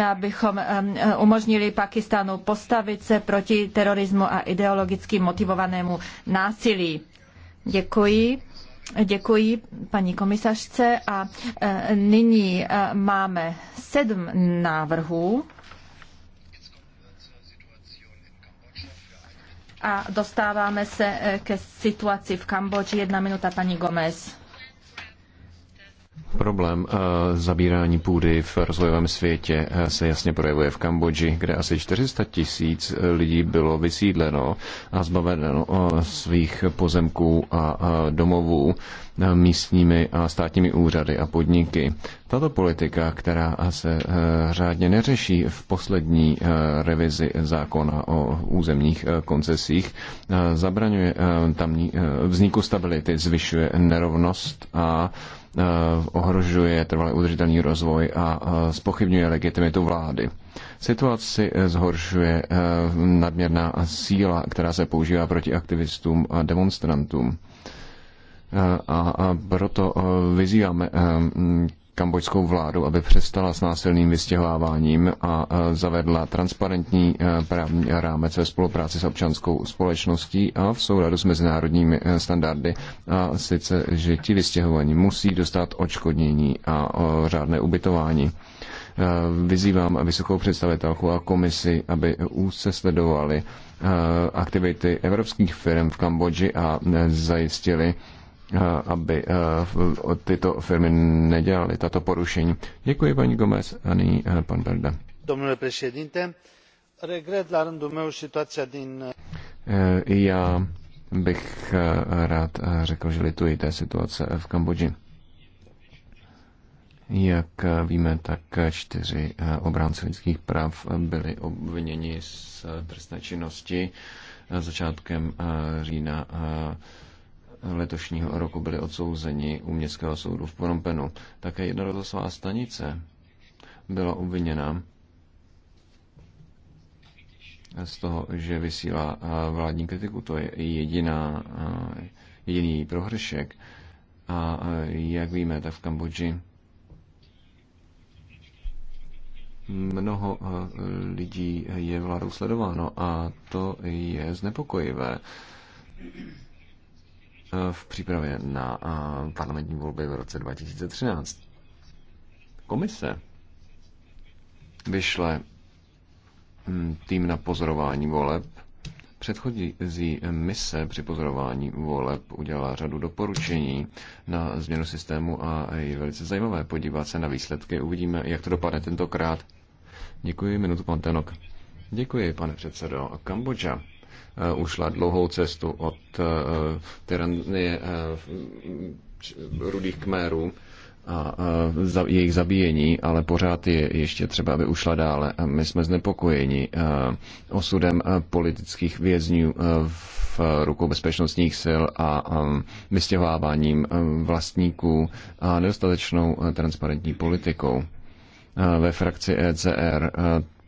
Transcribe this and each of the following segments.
abychom umožnili Pakistánu postavit se proti terorismu a ideologicky motivovanému násilí. Děkuji. Děkuji paní komisařce a e, nyní e, máme sedm návrhů. A dostáváme se e, ke situaci v Kambodži. Jedna minuta, paní Gomez. Problém eh, zabírání půdy v rozvojovém světě eh, se jasně projevuje v Kambodži, kde asi 400 tisíc eh, lidí bylo vysídleno a zbaveno svých pozemků a domovů místními a státními úřady a podniky. Tato politika, která se eh, řádně neřeší v poslední eh, revizi zákona o územních eh, koncesích, zabraňuje tamní vzniku stability, zvyšuje nerovnost a ohrožuje trvalý udržitelný rozvoj a spochybňuje legitimitu vlády. Situaci zhoršuje nadměrná síla, která se používá proti aktivistům a demonstrantům a proto e, vyzýváme e, kambojskou vládu, aby přestala s násilným vystěhováváním a e, zavedla transparentní právní rámec ve spolupráci s občanskou společností a v souladu s mezinárodními standardy. A sice, že ti vystěhovaní musí dostat očkodnění a řádné ubytování. Vyzývám vysokou představitelku a komisi, aby úzce sledovali aktivity evropských firm v Kambodži a zajistili Eh, aby eh, tyto firmy nedělaly tato porušení. Děkuji paní Gomez a nyní eh, pan Berda. Domnule președinte, regret la rândul meu situația din... Já bych rád řekl, že lituji té situace v Kambodži. Jak víme, tak čtyři obránci lidských práv byli obviněni z trestné činnosti začátkem října letošního roku byli odsouzeni u městského soudu v Porompenu. Také jedna rozhlasová stanice byla obviněna z toho, že vysílá vládní kritiku. To je jediná, jediný prohršek. A jak víme, tak v Kambodži mnoho lidí je vládou sledováno a to je znepokojivé v přípravě na parlamentní volby v roce 2013. Komise vyšle hm, tým na pozorování voleb. Předchozí mise při pozorování voleb udělala řadu doporučení na změnu systému a je velice zajímavé podívat se na výsledky. Uvidíme, jak to dopadne tentokrát. Děkuji, minutu pan Tenok. Děkuji, pane předsedo. Kambodža Eh, ušla dlouhou cestu od eh, tyranie eh, rudých kmérů a jejich zabíjení, ale pořád je ještě třeba, aby ušla dále. My jsme znepokojeni osudem politických vězňů v rukou bezpečnostních sil a vystěhováváním vlastníků a nedostatečnou transparentní politikou. Ve frakci ECR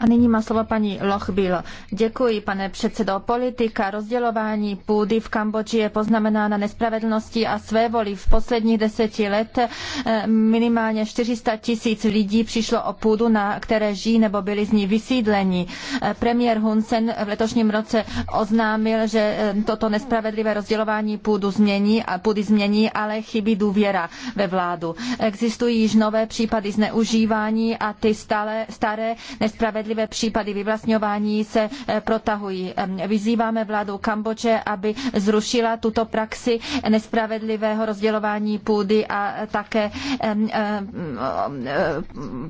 A nyní má slovo paní Lochbilo. Děkuji, pane předsedo. Politika rozdělování půdy v Kambodži je poznamenána nespravedlností a svévoli. V posledních deseti let eh, minimálně 400 tisíc lidí přišlo o půdu, na které žijí nebo byli z ní vysídleni. Eh, premiér Hun Sen v letošním roce oznámil, že eh, toto nespravedlivé rozdělování půdu změní, a půdy změní, ale chybí důvěra ve vládu. Existují již nové případy zneužívání a ty stále, staré nespravedlivé jednotlivé případy vyvlastňování se eh, protahují. Vyzýváme vládu Kambodže, aby zrušila tuto praxi nespravedlivého rozdělování půdy a eh, také eh,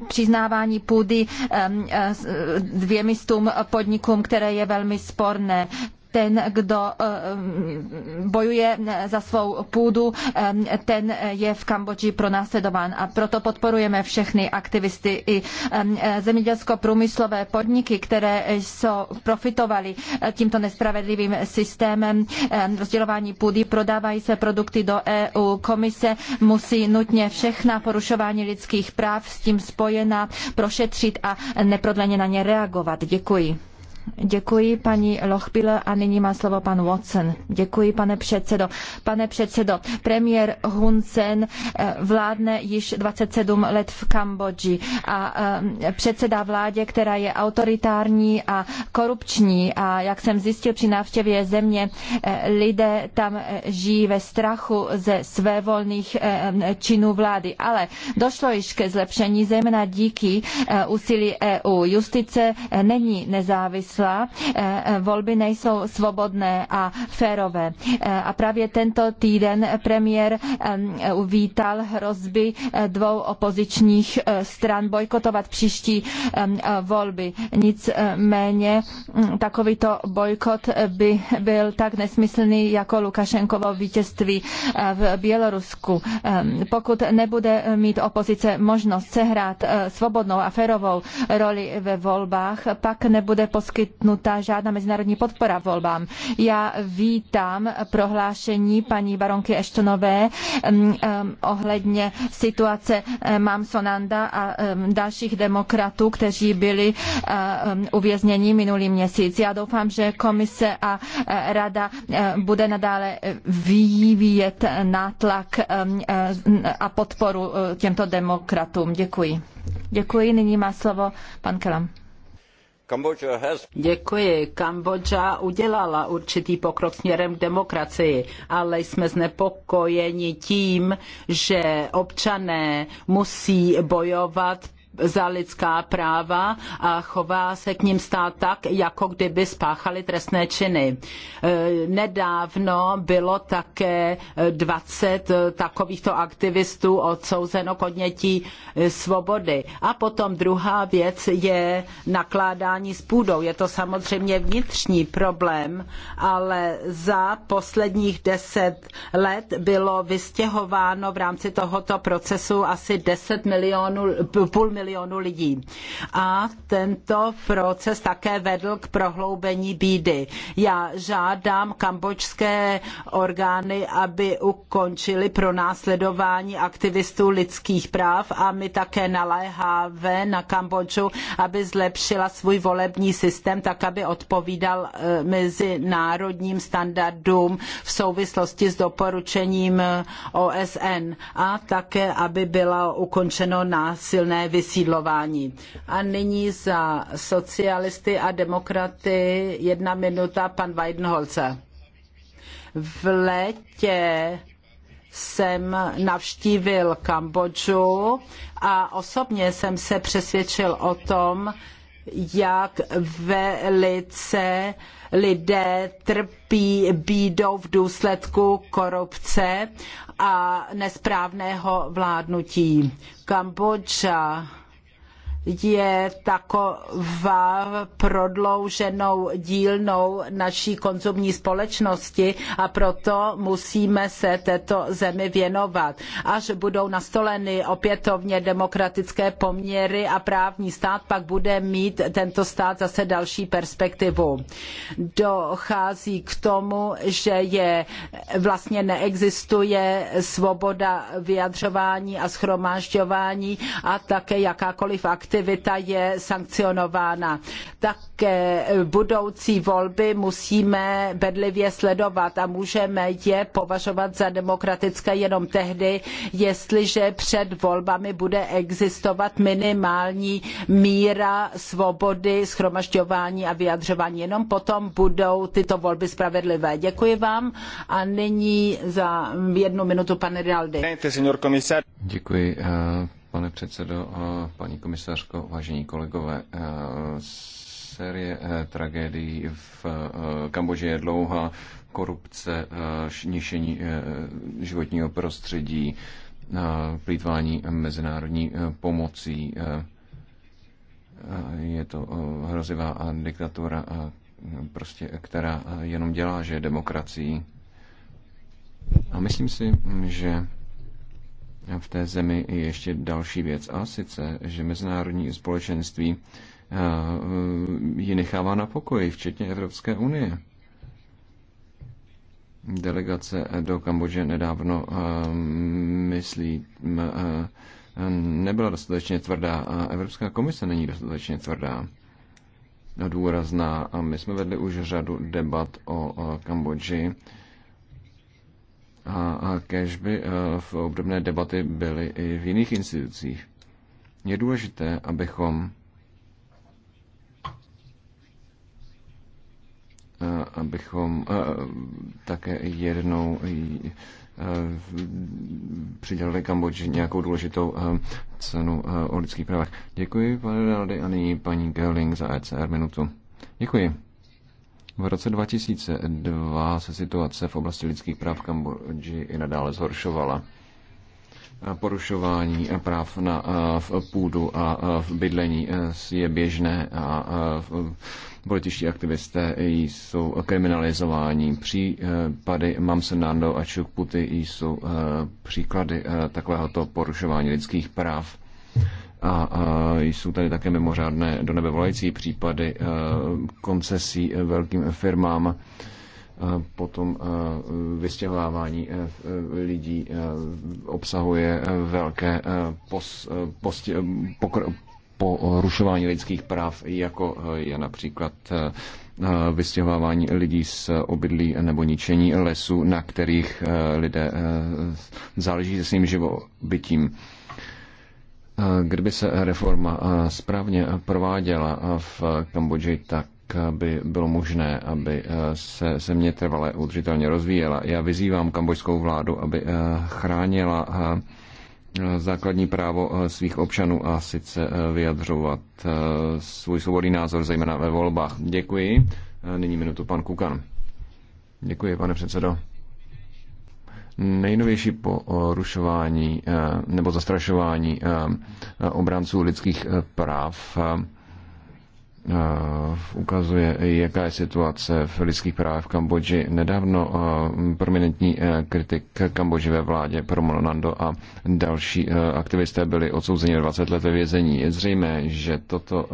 přiznávání půdy dvěmistům podnikům, které je velmi sporné ten, kdo eh, bojuje za svou půdu, eh, ten je v Kambodži pronásledován. A proto podporujeme všechny aktivisty i eh, zemědělsko-průmyslové podniky, které jsou profitovali tímto nespravedlivým systémem rozdělování půdy. Prodávají se produkty do EU. Komise musí nutně všechna porušování lidských práv s tím spojená prošetřit a neprodleně na ně reagovat. Děkuji. Děkuji paní Lochbile a nyní má slovo pan Watson. Děkuji, pane předsedo. Pane předsedo, premiér Hun Sen eh, vládne již 27 let v Kambodži a eh, předsedá vládě, která je autoritární a korupční a jak jsem zjistil při návštěvě země, eh, lidé tam žijí ve strachu ze svévolných činů vlády. Ale došlo již ke zlepšení, zejména díky úsilí EU. Justice není nezávislá čísla, e, e, volby nejsou svobodné a férové. E, a právě tento týden premiér uvítal hrozby dvou opozičních stran bojkotovat příští volby. Nicméně takovýto bojkot by byl tak nesmyslný jako Lukašenkovo vítězství v Bělorusku. Pokud nebude mít opozice možnost sehrát svobodnou a férovou roli ve volbách, pak nebude poskytnout poskytnuta žádná mezinárodní podpora volbám. Já vítám prohlášení paní baronky Eštonové mm, mm, ohledně situace mm, Mám Sonanda a dalších demokratů, kteří byli uvězněni minulý měsíc. Já doufám, že komise a rada bude nadále vyvíjet nátlak a podporu těmto demokratům. Děkuji. Děkuji. Nyní má slovo pan Kelam. Děkuji. Kambodža udělala určitý pokrok směrem k demokracii, ale jsme znepokojeni tím, že občané musí bojovat za lidská práva a chová se k ním stát tak, jako kdyby spáchali trestné činy. E, nedávno bylo také 20 takovýchto aktivistů odsouzeno k odnětí e, svobody. A potom druhá věc je nakládání s půdou. Je to samozřejmě vnitřní problém, ale za posledních deset let bylo vystěhováno v rámci tohoto procesu asi 10 milionů, půl milionů milionů lidí. A tento proces také vedl k prohloubení bídy. Já žádám kambočské orgány, aby ukončili pronásledování aktivistů lidských práv a my také naléháme na Kambodžu, aby zlepšila svůj volební systém tak, aby odpovídal eh, mezinárodním standardům v souvislosti s doporučením eh, OSN a také, aby bylo ukončeno násilné vysílání vysídlování. A nyní za socialisty a demokraty jedna minuta pan Weidenholzer. V létě jsem navštívil Kambodžu a osobně jsem se přesvědčil o tom, jak velice lidé trpí bídou v důsledku korupce a nesprávného vládnutí. Kambodža je taková prodlouženou dílnou naší konzumní společnosti a proto musíme se této zemi věnovat. Až budou nastoleny opětovně demokratické poměry a právní stát, pak bude mít tento stát zase další perspektivu. Dochází k tomu, že je vlastně neexistuje svoboda vyjadřování a schromážďování a také jakákoliv aktivita aktivita je sankcionována. Také budoucí volby musíme bedlivě sledovat a můžeme je považovat za demokratické jenom tehdy, jestliže před volbami bude existovat minimální míra svobody, schromažďování a vyjadřování. Jenom potom budou tyto volby spravedlivé. Děkuji vám a nyní za jednu minutu pane Rinaldi. Děkuji, eh, Pane předsedo, eh, paní komisařko, vážení kolegové, eh, série eh, tragédií v Kambodži, je dlouhá, korupce, šnišení životního prostředí, plýtvání mezinárodní pomocí. Je to hrozivá diktatura, prostě, která jenom dělá, že je demokracií. A myslím si, že v té zemi je ještě další věc, a sice, že mezinárodní společenství eh, ji nechává na pokoji, včetně Evropské unie. Delegace do Kambodže nedávno, eh, myslí, eh, nebyla dostatečně tvrdá a Evropská komise není dostatečně tvrdá důrazná. A my jsme vedli už řadu debat o Kambodži a, a kež by eh, v obdobné debaty byly i v jiných institucích. Je důležité, abychom eh, abychom eh, také jednou přidělili Kambodži nějakou důležitou cenu o lidských právech. Děkuji, pane Daldy, a nyní paní Gerling za ECR minutu. Děkuji. V roce 2002 se situace v oblasti lidských práv v Kambodži i nadále zhoršovala porušování práv na v půdu a v bydlení e, je běžné a političtí aktivisté jsou kriminalizováni. Případy Mamsenando a Čukputy jsou e, příklady e, takovéhoto porušování lidských práv a, a jsou tady také mimořádné do nebe volající případy eh, koncesí eh, velkým firmám, eh, potom vystěhovávání lidí obsahuje velké pos, posti, pokr, porušování lidských práv, jako je například vystěhovávání lidí z obydlí nebo ničení lesů, na kterých lidé záleží se svým živobytím. Kdyby se reforma správně prováděla v Kambodži, tak by bylo možné, aby se země trvale udržitelně rozvíjela. Já vyzývám kambodžskou vládu, aby chránila základní právo svých občanů a sice vyjadřovat svůj svobodný názor, zejména ve volbách. Děkuji. Nyní minutu pan Kukan. Děkuji, pane předsedo nejnovější porušování eh, nebo zastrašování eh, eh, obránců lidských práv Eh, ukazuje, jaká je situace v lidských právech v Kambodži. Nedávno eh, prominentní eh, kritik Kambodži ve vládě Promo Nando a další aktivisté byli odsouzeni 20 let ve vězení. Je zřejmé, že toto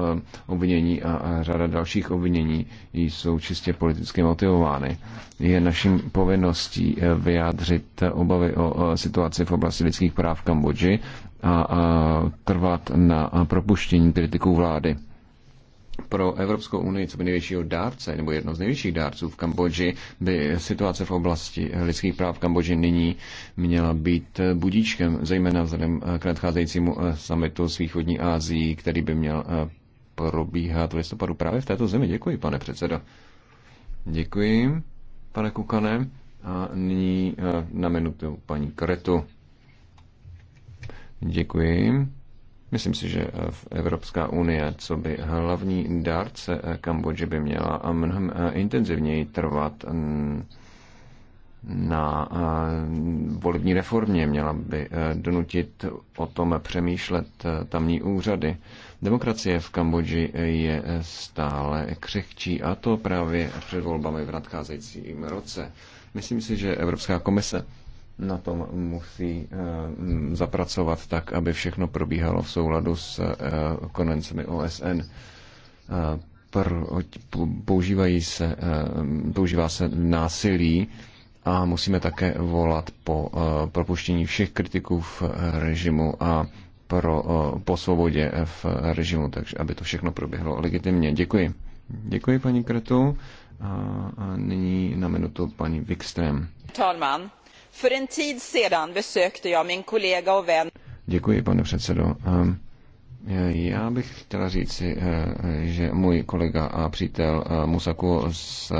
obvinění a řada dalších obvinění jsou čistě politicky motivovány. Je naším povinností vyjádřit obavy o situaci v oblasti lidských práv v Kambodži a trvat na propuštění kritiků vlády pro Evropskou unii, co by největšího dárce, nebo jedno z největších dárců v Kambodži, by situace v oblasti lidských práv v Kambodži nyní měla být budíčkem, zejména vzhledem k nadcházejícímu eh, summitu s východní Ázií, který by měl eh, probíhat v listopadu právě v této zemi. Děkuji, pane předsedo. Děkuji, pane Kukane. A nyní eh, na minutu paní Kretu. Děkuji. Myslím si, že v Evropská unie, co by hlavní dárce Kambodži by měla mnohem intenzivněji trvat na volební reformě, měla by donutit o tom přemýšlet tamní úřady. Demokracie v Kambodži je stále křehčí a to právě před volbami v nadcházejícím roce. Myslím si, že Evropská komise na tom musí eh, zapracovat tak, aby všechno probíhalo v souladu s eh, konvencemi OSN. Eh, používají se, používá se násilí a musíme také volat po propuštění všech kritiků v režimu a pro, po svobodě v režimu, takže aby to všechno proběhlo legitimně. Děkuji. Děkuji paní Kretu a, a nyní na minutu paní Wikström. Talman. För en tid sedan besökte jag min kollega och vän. Děkuji, pane předsedo. Ehm, eh, já bych chtěla říci, eh, eh, že můj kolega a přítel Musaku z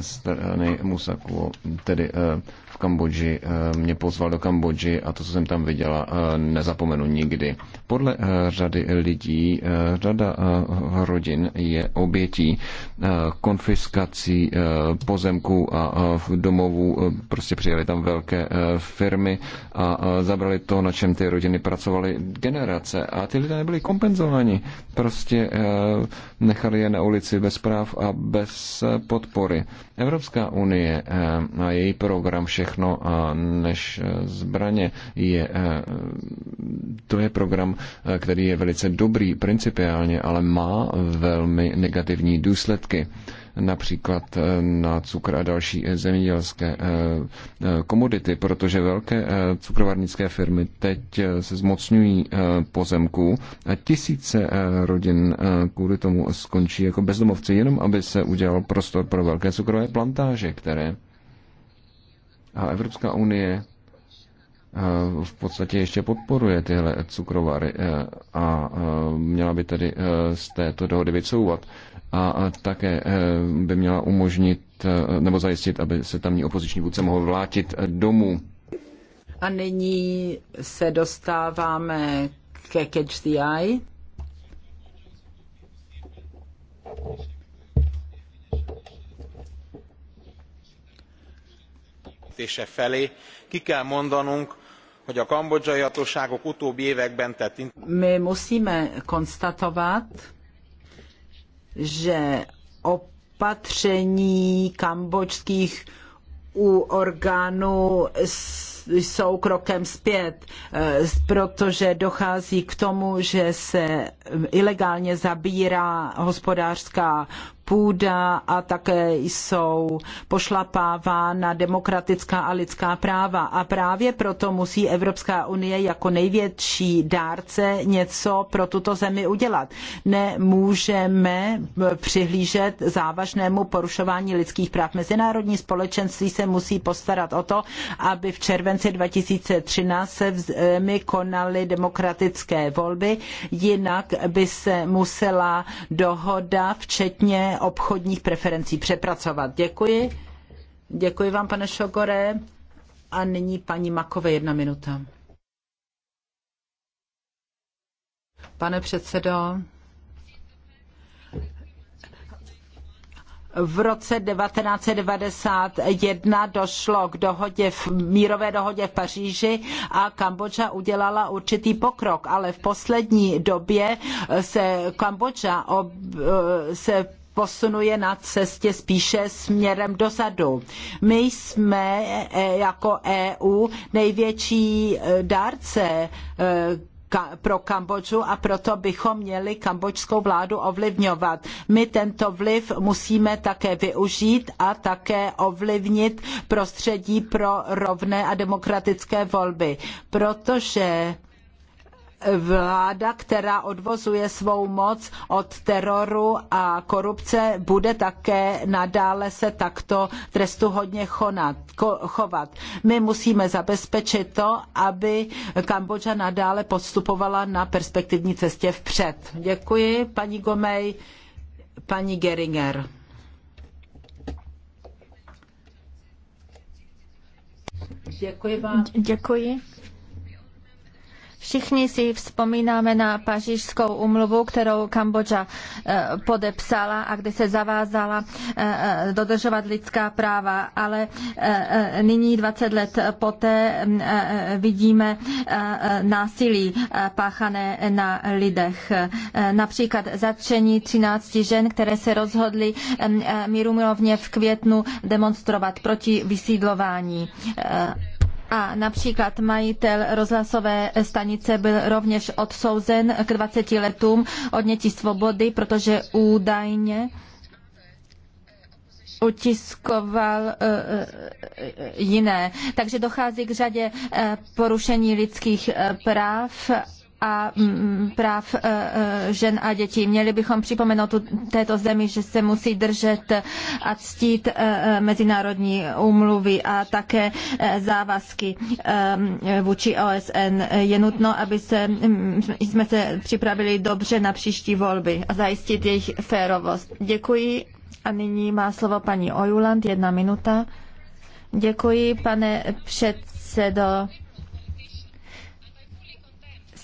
strany Musaku, tedy eh, v Kambodži, eh, mě pozval do Kambodži a to, co jsem tam viděla, eh, nezapomenu nikdy. Podle řady lidí, řada rodin je obětí konfiskací pozemků a domovů. Prostě přijeli tam velké firmy a zabrali to, na čem ty rodiny pracovaly generace a ty lidé nebyli kompenzováni. Prostě nechali je na ulici bez práv a bez podpory. Evropská unie eh, a její program všechno eh, než eh, zbraně je, to je program, který je velice dobrý principiálně, ale má velmi negativní důsledky například eh, na cukr a další eh, zemědělské eh, komodity, protože velké cukrovarnické firmy teď se zmocňují pozemků a tisíce rodin kvůli tomu skončí jako bezdomovci, jenom aby se udělal prostor pro velké cukrové plantáže, které a Evropská unie Eh, v podstatě ještě podporuje tyhle cukrovary eh, a eh, měla by tedy z této dohody vycouvat. A také by měla umožnit nebo zajistit, aby se tamní opoziční vůdce mohl vlátit domů. A nyní se dostáváme ke Catch the Eye. megszüntetése felé ki kell mondanunk hogy a kambodzsai hatóságok utóbbi években tett My musíme konstatovat, že opatření kambodžských u orgánů jsou krokem zpět, eh, protože dochází k tomu, že se ilegálně zabírá hospodářská půda a také jsou pošlapávána demokratická a lidská práva. A právě proto musí Evropská unie jako největší dárce něco pro tuto zemi udělat. Nemůžeme přihlížet závažnému porušování lidských práv. Mezinárodní společenství se musí postarat o to, aby v červenci 2013 se v zemi konaly demokratické volby, jinak by se musela dohoda včetně obchodních preferencí přepracovat. Děkuji. Děkuji vám, pane Šogore. A nyní paní Makové jedna minuta. Pane předsedo, v roce 1991 došlo k dohodě v, mírové dohodě v Paříži a Kambodža udělala určitý pokrok, ale v poslední době se Kambodža ob, se posunuje na cestě spíše směrem dozadu. My jsme eh, jako EU největší eh, dárce eh, pro Kambodžu a proto bychom měli kambodžskou vládu ovlivňovat. My tento vliv musíme také využít a také ovlivnit prostředí pro rovné a demokratické volby, protože vláda, která odvozuje svou moc od teroru a korupce, bude také nadále se takto trestuhodně chovat. My musíme zabezpečit to, aby Kambodža nadále postupovala na perspektivní cestě vpřed. Děkuji, paní Gomej, paní Geringer. Děkuji vám. Děkuji. Všichni si vzpomínáme na pařížskou umluvu, kterou Kambodža eh, podepsala a kde se zavázala eh, eh, dodržovat lidská práva, ale nyní 20 let poté mm, vidíme násilí páchané na lidech. Například zatčení 13 žen, které se rozhodly mm, mírumilovně v květnu demonstrovat proti vysídlování. A například majitel rozhlasové stanice byl rovněž odsouzen k 20 letům odnětí svobody, protože údajně utiskoval eh, eh, jiné. Takže dochází k řadě eh, porušení lidských práv a mm, mm, práv e, e, žen a dětí. Měli bychom připomenout této zemi, že se musí držet a ctít e, mezinárodní úmluvy a také závazky vůči OSN. Je nutno, aby se, mm, jsme se připravili dobře na příští volby a zajistit jejich férovost. Děkuji a nyní má slovo paní Ojuland, jedna minuta. Děkuji, pane předsedo.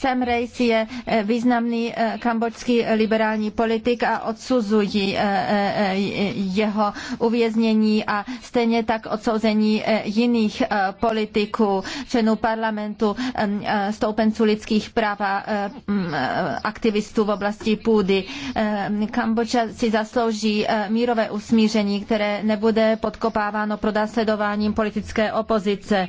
Sam Raiss je eh, významný eh, kambodžský liberální politik a odsuzují eh, jeho uvěznění a stejně tak odsouzení jiných politiků, členů parlamentu, stoupenců lidských práv a aktivistů v oblasti půdy. Kambodža si zaslouží mírové usmíření, které nebude podkopáváno pronásledováním politické opozice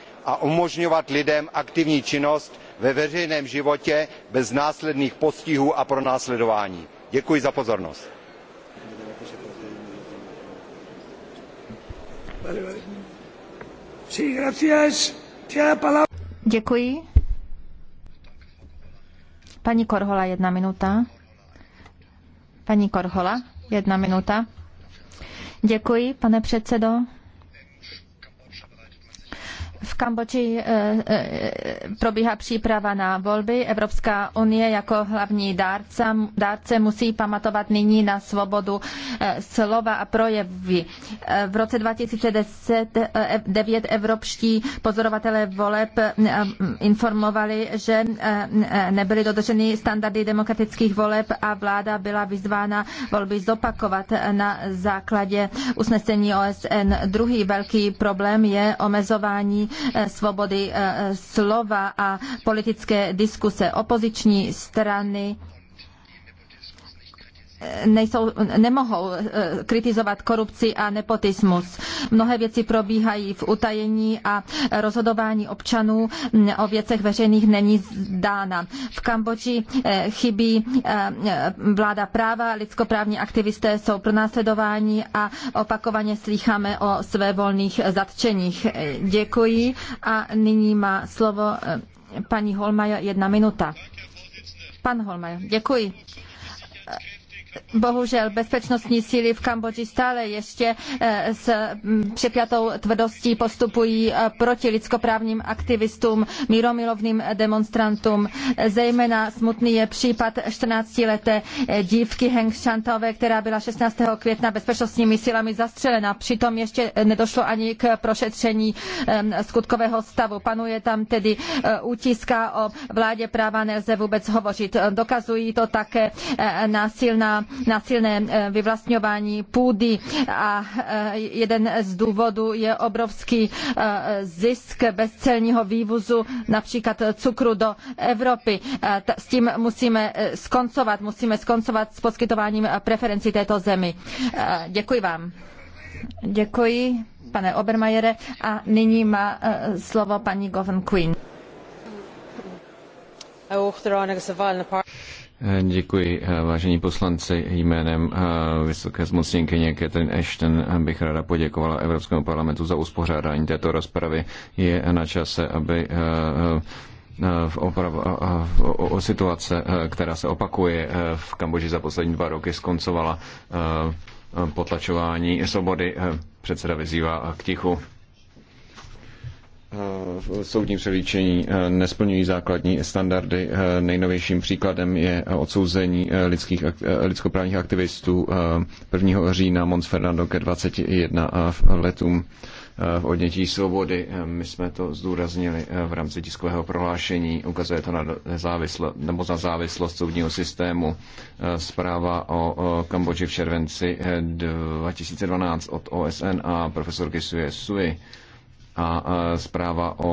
a umožňovat lidem aktivní činnost ve veřejném životě bez následných postihů a pronásledování. děkuji za pozornost. Děkuji. Paní Korhola, jedna minuta. Paní Korhola, jedna minuta. Děkuji, pane předsedo. Kambodži eh, eh, probíhá příprava na volby. Evropská unie jako hlavní dárce, dárce musí pamatovat nyní na svobodu eh, slova a projevy. V roce 2010 devět evropští pozorovatelé voleb informovali, že nebyly dodrženy standardy demokratických voleb a vláda byla vyzvána volby zopakovat na základě usnesení OSN. Druhý velký problém je omezování Eh, svobody eh, slova a politické diskuse. Opoziční strany nejsou, nemohou eh, kritizovat korupci a nepotismus. Mnohé věci probíhají v utajení a rozhodování občanů mm, o věcech veřejných není dána. V Kambodži eh, chybí eh, vláda práva, lidskoprávní aktivisté jsou pronásledováni a opakovaně slýcháme o svévolných zatčeních. Děkuji a nyní má slovo paní Holmaja jedna minuta. Pan Holmaja, děkuji. Bohužel bezpečnostní síly v Kambodži stále ještě eh, s mm, přepjatou tvrdostí postupují eh, proti lidskoprávním aktivistům, míromilovným demonstrantům. Zejména smutný je případ 14-leté eh, dívky Heng Shantové, která byla 16. května bezpečnostními silami zastřelena. Přitom ještě nedošlo ani k prošetření skutkového stavu. Panuje tam tedy útiska o vládě práva nelze vůbec hovořit. Dokazují to také násilná na násilné eh, vyvlastňování půdy a eh, jeden z důvodů je obrovský eh, zisk bezcelního vývozu například cukru do Evropy. S tím musíme skoncovat, musíme skoncovat s poskytováním preferencí této zemi. Děkuji vám. Děkuji, pane Obermajere. A nyní má slovo paní Govan Queen. Děkuji, vážení poslanci. Jménem eh, vysoké zmocněnkyně Catherine Ashton bych ráda poděkovala Evropskému parlamentu za uspořádání této rozpravy. Je na čase, aby eh, eh, v opravo, o, o situace, která se opakuje v Kambodži za poslední dva roky, skoncovala potlačování svobody. Předseda vyzývá k tichu v eh, soudním přelíčení eh, nesplňují základní standardy. Eh, nejnovějším příkladem je odsouzení lidských, lidskoprávních aktivistů 1. října Mons Fernando ke 21 letům v odnětí svobody. My jsme to zdůraznili v rámci tiskového prohlášení. Ukazuje to na, závislo, nebo na závislost soudního systému. Zpráva o, Kambodži v červenci 2012 od OSN a profesorky Sue Sui. Sui a zpráva o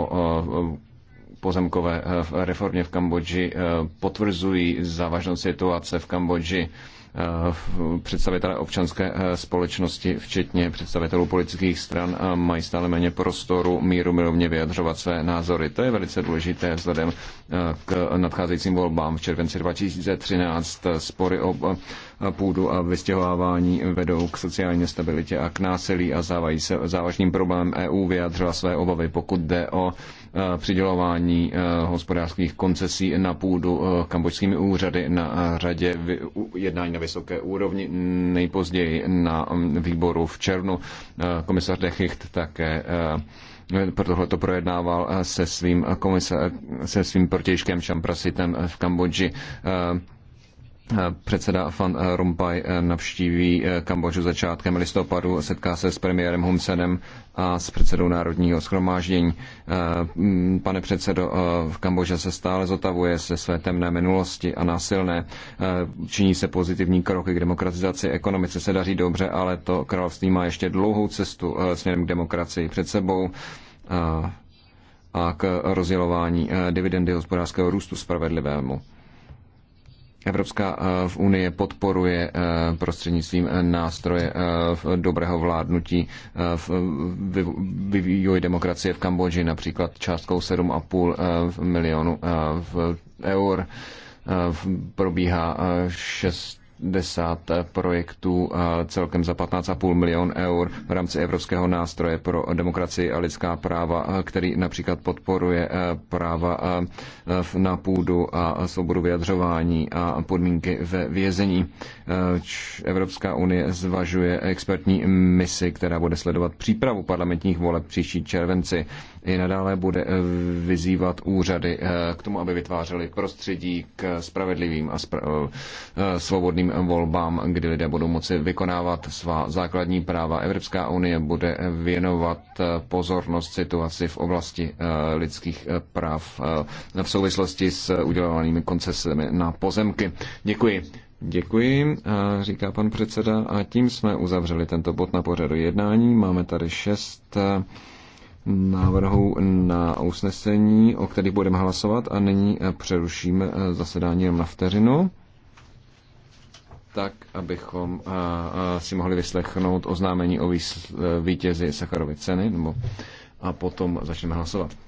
pozemkové e, reformě v Kambodži e, potvrzují závažnost situace v Kambodži. Eh, představitelé občanské eh, společnosti, včetně představitelů politických stran, eh, mají stále méně prostoru míru milovně vyjadřovat své názory. To je velice důležité vzhledem k nadcházejícím volbám v červenci 2013. Spory o půdu a vystěhovávání vedou k sociální stabilitě a k násilí a závažným problémem EU vyjadřila své obavy, pokud jde o Eh, přidělování eh, hospodářských koncesí na půdu eh, kambočskými úřady na řadě jednání na vysoké úrovni, nejpozději na mm, výboru v červnu. Komisař Dechicht také tohle to projednával se svým, komisa, se svým protěžkem Šamprasitem v Kambodži. Předseda Van Rompuy navštíví eh, Kambodžu začátkem listopadu, setká se s premiérem Hunsenem a s předsedou Národního schromáždění. Eh, pane předsedo, eh, v Kambodži se stále zotavuje se své temné minulosti a násilné. Činí se pozitivní kroky k demokratizaci, ekonomice se daří dobře, ale to království má ještě dlouhou cestu směrem k demokracii před sebou a k rozdělování dividendy hospodářského růstu spravedlivému. Evropská eh, v unie podporuje eh, prostřednictvím eh, nástroje dobrého vládnutí vývoj demokracie v Kambodži například částkou 7,5 milionu eur. Probíhá šest 60 projektů celkem za 15,5 milion eur v rámci Evropského nástroje pro demokracii a lidská práva, který například podporuje práva na půdu a svobodu vyjadřování a podmínky ve vězení. Evropská unie zvažuje expertní misi, která bude sledovat přípravu parlamentních voleb příští červenci. I nadále bude e, vyzývat úřady e, k tomu, aby vytvářely prostředí k spravedlivým a spra- e, svobodným přímým volbám, kdy lidé budou moci vykonávat svá základní práva. Evropská unie bude věnovat pozornost situaci v oblasti eh, lidských eh, práv eh, v souvislosti s udělovanými koncesemi na pozemky. Děkuji. Děkuji, říká pan předseda. A tím jsme uzavřeli tento bod na pořadu jednání. Máme tady šest návrhů na usnesení, o kterých budeme hlasovat a nyní přerušíme zasedání na vteřinu tak, abychom si mohli vyslechnout oznámení o e, vítězi Sacharovy ceny, nebo a potom začneme hlasovat.